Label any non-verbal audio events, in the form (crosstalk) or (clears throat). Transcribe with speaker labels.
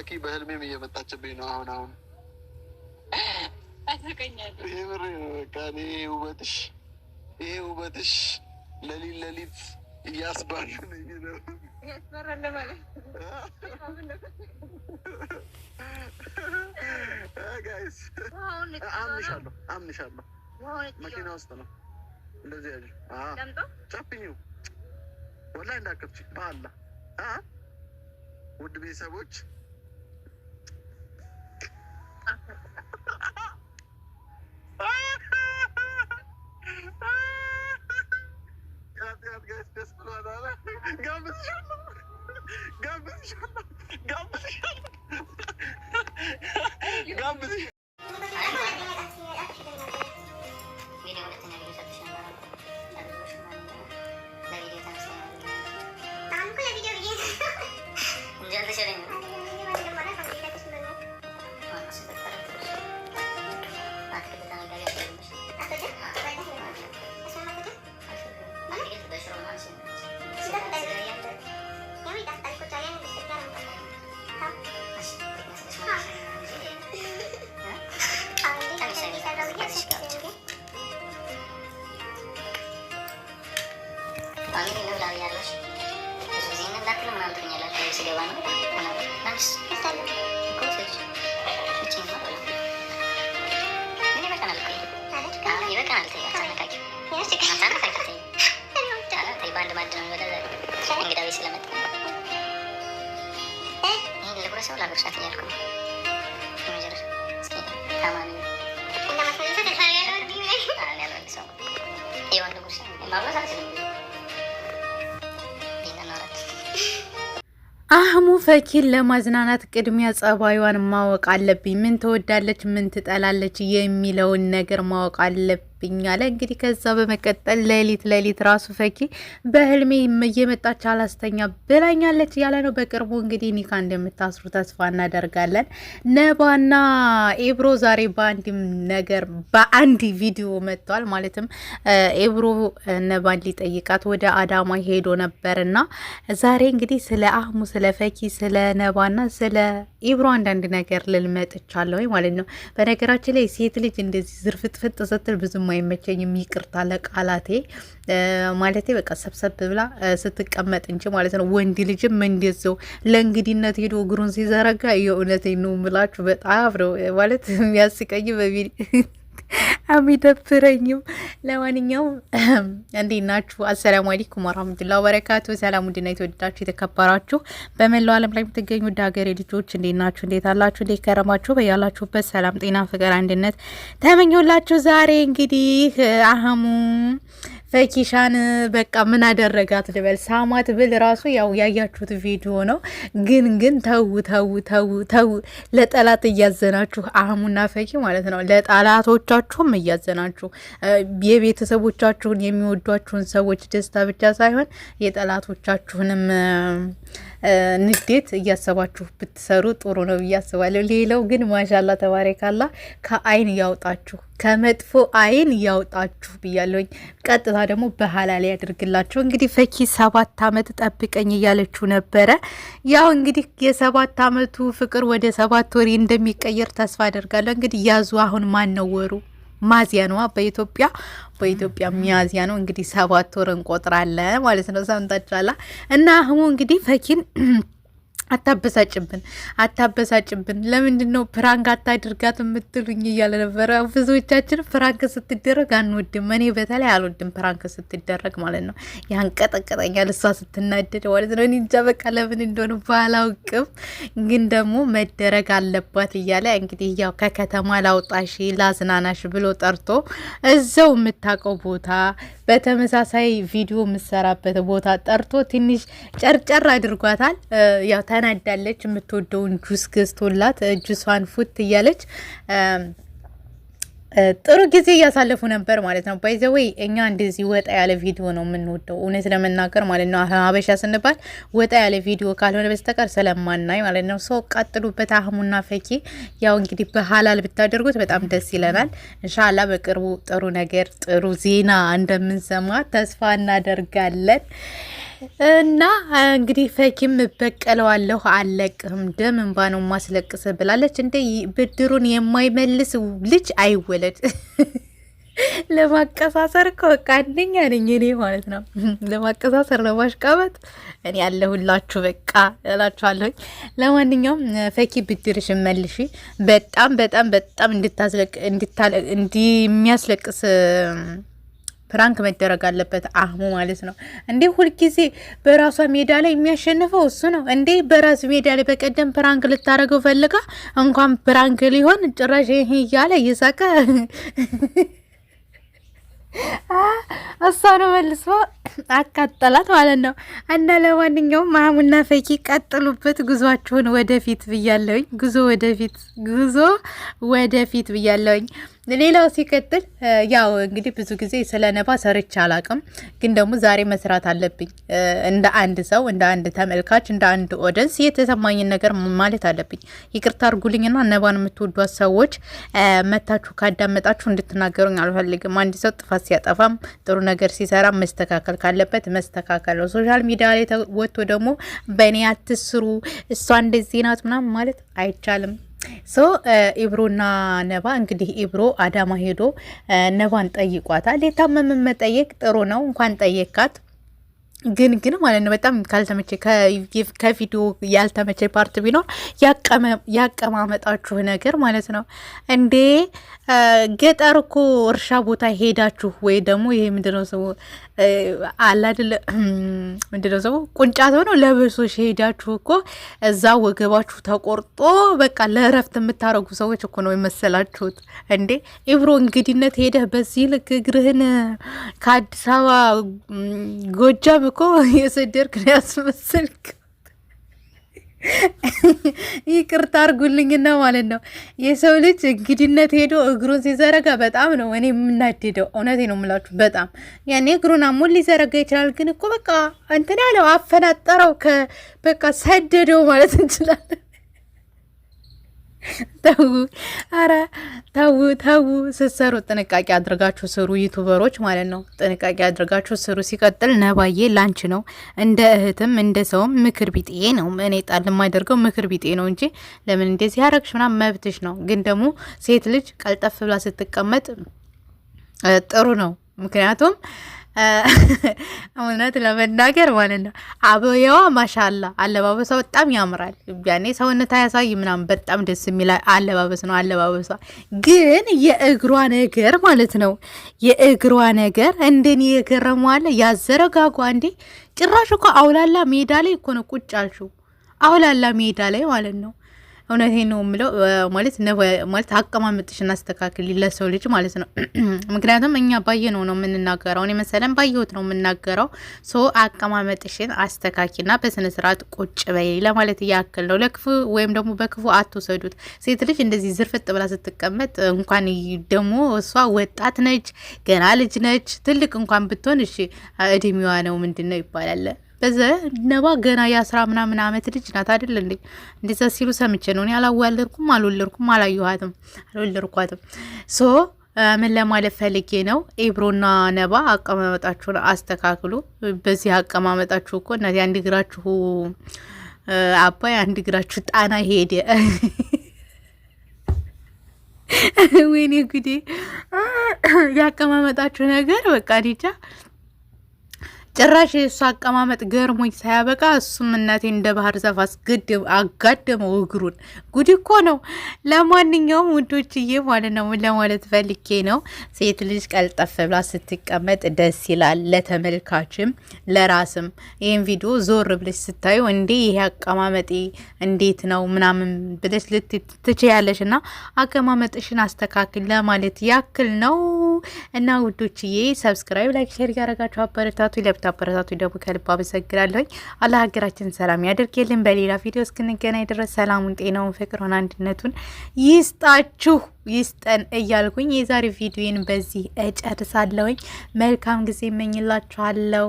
Speaker 1: ፈኪ በህልሜም እየመጣችብኝ ነው አሁን አሁን። ይምር በቃ እኔ ውበትሽ ይሄ ውበትሽ ለሊት ለሊት እያስባሉ ነው ጋይስ። አምንሻለሁ አምንሻለሁ። መኪና ውስጥ ነው እንደዚህ ያለ ጨፍኝው ወላሂ እንዳከብች በአላህ ውድ ቤተሰቦች Gambiz
Speaker 2: ሰው ላጎርሳት እያልኩ ነው። አህሙ ፈኪን ለማዝናናት ቅድሚያ ጸባይዋን ማወቅ አለብኝ። ምን ትወዳለች፣ ምን ትጠላለች የሚለውን ነገር ማወቅ አለብኝ ብኛለ እንግዲህ ከዛ በመቀጠል ሌሊት ሌሊት ራሱ ፈኪ በህልሜ እየመጣች አላስተኛ ብላኛለች እያለ ነው። በቅርቡ እንግዲህ ኒካ እንደምታስሩ ተስፋ እናደርጋለን። ነባና ኤብሮ ዛሬ በአንድ ነገር በአንድ ቪዲዮ መጥቷል። ማለትም ኤብሮ ነባን ሊጠይቃት ወደ አዳማ ሄዶ ነበርና ዛሬ እንግዲህ ስለ አህሙ፣ ስለ ፈኪ፣ ስለ ነባና ስለ ኢብሮ አንዳንድ ነገር ልልመጥቻለሁ ማለት ነው። በነገራችን ላይ ሴት ልጅ እንደዚህ ዝርፍጥፍጥ ስትል ብዙም አይመቸኝም። ይቅርታ ለቃላቴ ማለቴ በቃ ሰብሰብ ብላ ስትቀመጥ እንጂ ማለት ነው። ወንድ ልጅም እንደዚያው ለእንግድነት ሄዶ እግሩን ሲዘረጋ የእውነቴን ነው የምላችሁ በጣም ነው ማለት የሚያስቀኝ በቢ አሚደብረኝም። ለማንኛውም እንዴት ናችሁ? አሰላሙ አለይኩም ወራህመቱላሂ ወበረካቱ። ሰላም ውድና የተወደዳችሁ የተከበራችሁ በመላው ዓለም ላይ የምትገኙ ውድ ሀገሬ ልጆች እንዴት ናችሁ? እንዴት አላችሁ? እንዴት ከረማችሁ? በያላችሁበት ሰላም፣ ጤና፣ ፍቅር፣ አንድነት ተመኘሁላችሁ። ዛሬ እንግዲህ አህሙ ፈኪሻን በቃ ምን አደረጋት ልበል ሳማት ብል ራሱ ያው ያያችሁት ቪዲዮ ነው። ግን ግን ተው ተው ተው ተው፣ ለጠላት እያዘናችሁ አህሙና ፈኪ ማለት ነው። ለጠላቶቻችሁም እያዘናችሁ የቤተሰቦቻችሁን የሚወዷችሁን ሰዎች ደስታ ብቻ ሳይሆን የጠላቶቻችሁንም ንዴት እያሰባችሁ ብትሰሩ ጥሩ ነው ብዬ አስባለሁ። ሌላው ግን ማሻላ ተባረካላ ከአይን ያውጣችሁ፣ ከመጥፎ አይን ያውጣችሁ ብያለሁኝ ቀጥታ ደግሞ በሀላል ያድርግላቸው። እንግዲህ ፈኪ ሰባት አመት ጠብቀኝ እያለችው ነበረ። ያው እንግዲህ የሰባት አመቱ ፍቅር ወደ ሰባት ወሬ እንደሚቀየር ተስፋ አደርጋለሁ። እንግዲህ ያዙ። አሁን ማን ነው ወሩ? ማዚያ ነው። በኢትዮጵያ በኢትዮጵያ ሚያዚያ ነው። እንግዲህ ሰባት ወር እንቆጥራለን ማለት ነው። ሰምታችኋላ እና አህሙ እንግዲህ ፈኪን አታበሳጭብን አታበሳጭብን። ለምንድን ነው ፕራንክ አታድርጋት የምትሉኝ? እያለ ነበረ። ብዙዎቻችን ፕራንክ ስትደረግ አንወድም፣ እኔ በተለይ አልወድም ፕራንክ ስትደረግ ማለት ነው። ያንቀጠቀጠኛል እሷ ስትናደድ ማለት ነው። እኔ እንጃ በቃ ለምን እንደሆነ ባላውቅም፣ ግን ደግሞ መደረግ አለባት እያለ እንግዲህ ያው ከከተማ ላውጣሽ ላዝናናሽ ብሎ ጠርቶ እዛው የምታውቀው ቦታ በተመሳሳይ ቪዲዮ የምሰራበት ቦታ ጠርቶ ትንሽ ጨርጨር አድርጓታል። ያው ተናዳለች። የምትወደውን ጁስ ገዝቶላት ጁሷን ፉት እያለች ጥሩ ጊዜ እያሳለፉ ነበር ማለት ነው። ባይዘወይ እኛ እንደዚህ ወጣ ያለ ቪዲዮ ነው የምንወደው እውነት ለመናገር ማለት ነው። ሀበሻ ስንባል ወጣ ያለ ቪዲዮ ካልሆነ በስተቀር ስለማናይ ማለት ነው። ሰው ቀጥሉበት፣ አህሙና ፈኪ ያው እንግዲህ በሀላል ብታደርጉት በጣም ደስ ይለናል። እንሻላ በቅርቡ ጥሩ ነገር ጥሩ ዜና እንደምንሰማ ተስፋ እናደርጋለን። እና እንግዲህ ፈኪም እበቀለዋለሁ አለቅህም፣ ደም እንባ ነው ማስለቅስ ብላለች። እንደ ብድሩን የማይመልስ ልጅ አይወለድ። (laughs) ለማቀሳሰር እኮ በቃ አንደኛ ነኝ እኔ ማለት ነው። (laughs) ለማቀሳሰር ለማሽቃበጥ እኔ ያለሁላችሁ በቃ እላችኋለሁኝ። ለማንኛውም ፈኪ ብድርሽ መልሺ። በጣም በጣም በጣም እንድታስለቅ እንዲሚያስለቅስ ፕራንክ መደረግ አለበት አህሙ ማለት ነው እንዴ! ሁልጊዜ በራሷ ሜዳ ላይ የሚያሸንፈው እሱ ነው እንዴ! በራስ ሜዳ ላይ በቀደም ፕራንክ ልታደረገው ፈልጋ እንኳን ፕራንክ ሊሆን ጭራሽ ይሄ እያለ እየሳቀ እሷ ነው መልሶ አቃጠላት ማለት ነው። እና ለማንኛውም ማሙና ፈኪ ቀጥሉበት ጉዞአችሁን ወደፊት ብያለውኝ። ጉዞ ወደፊት፣ ጉዞ ወደፊት ብያለውኝ። ሌላው ሲቀጥል ያው እንግዲህ ብዙ ጊዜ ስለ ነባ ሰርቼ አላቅም፣ ግን ደግሞ ዛሬ መስራት አለብኝ። እንደ አንድ ሰው፣ እንደ አንድ ተመልካች፣ እንደ አንድ ኦደንስ የተሰማኝን ነገር ማለት አለብኝ። ይቅርታ አርጉልኝና ነባን የምትወዷት ሰዎች መታችሁ ካዳመጣችሁ እንድትናገሩኝ አልፈልግም። አንድ ሰው ጥፋት ሲያጠፋም ጥሩ ነገር ሲሰራ መስተካከል ካለበት መስተካከል ነው። ሶሻል ሚዲያ ላይ ወጥቶ ደግሞ በእኔ አትስሩ እሷ እንደዚህ ናት ምናምን ማለት አይቻልም። ሶ ኢብሮና ነባ እንግዲህ ኢብሮ አዳማ ሄዶ ነባን ጠይቋታል። የታመመን መጠየቅ ጥሩ ነው። እንኳን ጠየካት ግን ግን ማለት ነው በጣም ካልተመቸ ከቪዲዮ ያልተመቸ ፓርት ቢኖር ያቀማመጣችሁ ነገር ማለት ነው። እንዴ ገጠር እኮ እርሻ ቦታ ሄዳችሁ ወይ ደግሞ ይሄ ምንድነው ሰው አለ (clears throat) ምንድነው ሰው ቁንጫት ሆነው ለብሶች ሄዳችሁ እኮ እዛ ወገባችሁ ተቆርጦ በቃ ለእረፍት የምታረጉ ሰዎች እኮ ነው የመሰላችሁት። እንዴ ኢብሮ እንግዲነት ሄደህ በዚህ ልክ እግርህን ከአዲስ አበባ ጎጃም እኮ የሰደርክ ነው ያስመሰልክ። ይቅርታ አርጉልኝና ማለት ነው የሰው ልጅ እንግድነት ሄዶ እግሩን ሲዘረጋ በጣም ነው እኔ የምናደደው። እውነቴ ነው የምላችሁ በጣም ያኔ እግሩን አሞን ሊዘረጋ ይችላል። ግን እኮ በቃ እንትን ያለው አፈናጠረው፣ በቃ ሰደደው ማለት እንችላለን። ተው አራ ተው ተው፣ ስትሰሩ ጥንቃቄ አድርጋችሁ ስሩ። ዩቱበሮች ማለት ነው፣ ጥንቃቄ አድርጋችሁ ስሩ። ሲቀጥል ነባዬ ላንች ነው፣ እንደ እህትም እንደ ሰውም ምክር ቢጤ ነው። እኔ ጣል የማደርገው ምክር ቢጤ ነው እንጂ ለምን እንደዚህ ያረግሽ ምናምን መብትሽ ነው። ግን ደግሞ ሴት ልጅ ቀልጠፍ ብላ ስትቀመጥ ጥሩ ነው። ምክንያቱም እውነት ለመናገር ማለት ነው አበያዋ ማሻላ አለባበሷ በጣም ያምራል። ያኔ ሰውነት ያሳይ ምናምን በጣም ደስ የሚል አለባበስ ነው አለባበሷ። ግን የእግሯ ነገር ማለት ነው የእግሯ ነገር እንደኔ የገረመዋለ ያዘረጋጓ እንዴ! ጭራሽ እኮ አውላላ ሜዳ ላይ እኮ ነው ቁጭ አልሽው፣ አውላላ ሜዳ ላይ ማለት ነው እውነቴ ነው የምለው ማለት ማለት አቀማመጥሽን እናስተካክል ለሰው ልጅ ማለት ነው። (clears throat) ምክንያቱም እኛ ባየነው ነው የምንናገረው፣ እኔ መሰለን ባየሁት ነው የምናገረው። ሶ አቀማመጥሽን አስተካኪና በስነ ስርዓት ቁጭ በይ ለማለት እያክል ነው። ለክፉ ወይም ደግሞ በክፉ አትውሰዱት። ሴት ልጅ እንደዚህ ዝርፍጥ ብላ ስትቀመጥ እንኳን ደግሞ እሷ ወጣት ነች፣ ገና ልጅ ነች። ትልቅ እንኳን ብትሆን እሺ እድሜዋ ነው ምንድን ነው ይባላል በዛ ነባ ገና የአስራ ምናምን አመት ልጅ ናት አይደል እንዴ? እንደዛ ሲሉ ሰምቼ ነው። እኔ አላዋለድኩም፣ አልወለድኩም፣ አላየኋትም፣ አልወለድኳትም። ሶ ምን ለማለት ፈልጌ ነው፣ ኤብሮና ነባ አቀማመጣችሁን አስተካክሉ። በዚህ አቀማመጣችሁ እኮ እናት አንድ እግራችሁ አባይ አንድ እግራችሁ ጣና ሄደ። (laughs) ወይኔ ጉዴ! ያቀማመጣችሁ ነገር በቃ ዲጃ ጭራሽ የእሱ አቀማመጥ ገርሞኝ ሳያበቃ እሱም እናቴ እንደ ባህር ዛፍ አስገድም አጋደመው እግሩን። ጉድ እኮ ነው። ለማንኛውም ውዶችዬ ማለት ነው ለማለት ፈልጌ ነው ሴት ልጅ ቀልጠፍ ብላ ስትቀመጥ ደስ ይላል፣ ለተመልካችም ለራስም። ይህን ቪዲዮ ዞር ብለሽ ስታዩ እንዴ ይሄ አቀማመጤ እንዴት ነው ምናምን ብለሽ ትችያለሽ። እና አቀማመጥሽን አስተካክል ለማለት ያክል ነው። እና ውዶችዬ ሰብስክራይብ፣ ላይክ፣ ሼር ያረጋችሁ አበረታቱ ለብታ ለምታበረታቱ ደግሞ ከልብ አመሰግናለሁኝ። አላህ ሀገራችን ሰላም ያደርግልን። በሌላ ቪዲዮ እስክንገናኝ ድረስ ሰላሙን፣ ጤናውን፣ ፍቅሩን፣ አንድነቱን ይስጣችሁ ይስጠን እያልኩኝ የዛሬ ቪዲዮን በዚህ እጨርሳለሁኝ። መልካም ጊዜ እመኝላችኋለሁ።